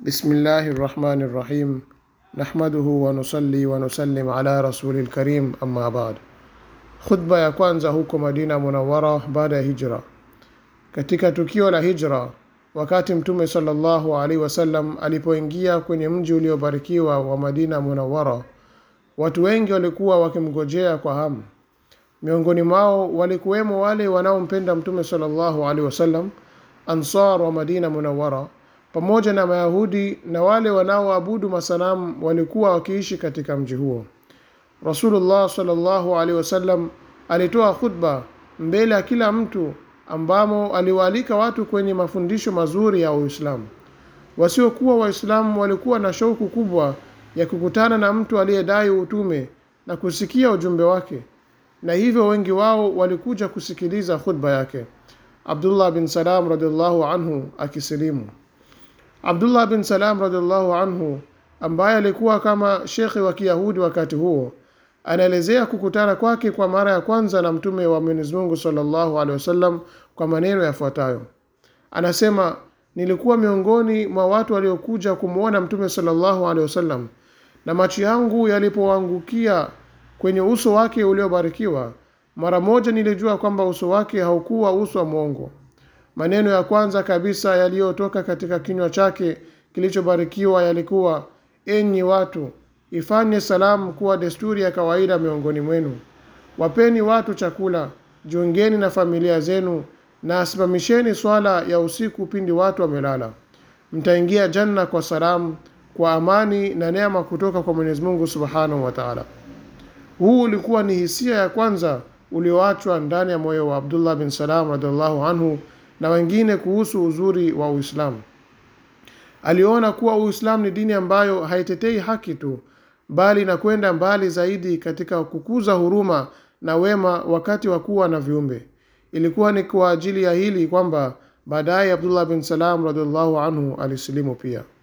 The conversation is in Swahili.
بسم الله الرحمن الرحيم نحمده ونصلي ونسلم ala rasuli lkarim amma bad. Khutba ya kwanza huko Madina Munawara baada ya hijra. Katika tukio la hijra, wakati Mtume sallallahu alaihi wasallam alipoingia kwenye mji uliobarikiwa wa Madina Munawara, watu wengi walikuwa wakimgojea kwa hamu. Miongoni mwao walikuwemo wale wanaompenda Mtume sallallahu alaihi wasallam, ansar wa Madina Munawara pamoja na Mayahudi na wale wanaoabudu masanamu walikuwa wakiishi katika mji huo. Rasulullah sallallahu alaihi wasallam alitoa khutba mbele ya kila mtu, ambamo aliwaalika watu kwenye mafundisho mazuri ya Uislamu. Wasiokuwa Waislamu walikuwa na shauku kubwa ya kukutana na mtu aliyedai utume na kusikia ujumbe wake, na hivyo wengi wao walikuja kusikiliza khutba yake. Abdullah bin Salam radhiallahu anhu akisilimu. Abdullah bin Salam radhiallahu anhu ambaye alikuwa kama shekhi wa Kiyahudi wakati huo anaelezea kukutana kwake kwa mara ya kwanza na mtume wa Mwenyezi Mungu sallallahu alaihi wasallam kwa maneno yafuatayo. Anasema nilikuwa miongoni mwa watu waliokuja kumwona mtume sallallahu alaihi wasallam na macho yangu yalipoangukia kwenye uso wake uliobarikiwa mara moja nilijua kwamba uso wake haukuwa uso wa mwongo maneno ya kwanza kabisa yaliyotoka katika kinywa chake kilichobarikiwa yalikuwa enyi watu ifanye salamu kuwa desturi ya kawaida miongoni mwenu wapeni watu chakula jiungeni na familia zenu na asimamisheni swala ya usiku pindi watu wamelala mtaingia janna kwa salamu kwa amani na neema kutoka kwa mwenyezi mungu subhanahu wa taala huu ulikuwa ni hisia ya kwanza ulioachwa ndani ya moyo wa abdullah bin salam radiallahu anhu na wengine kuhusu uzuri wa Uislamu. Aliona kuwa Uislamu ni dini ambayo haitetei haki tu, bali inakwenda mbali zaidi katika kukuza huruma na wema wakati wa kuwa na viumbe. Ilikuwa ni kwa ajili ya hili kwamba baadaye Abdullah bin Salam radhiallahu anhu alisilimu pia.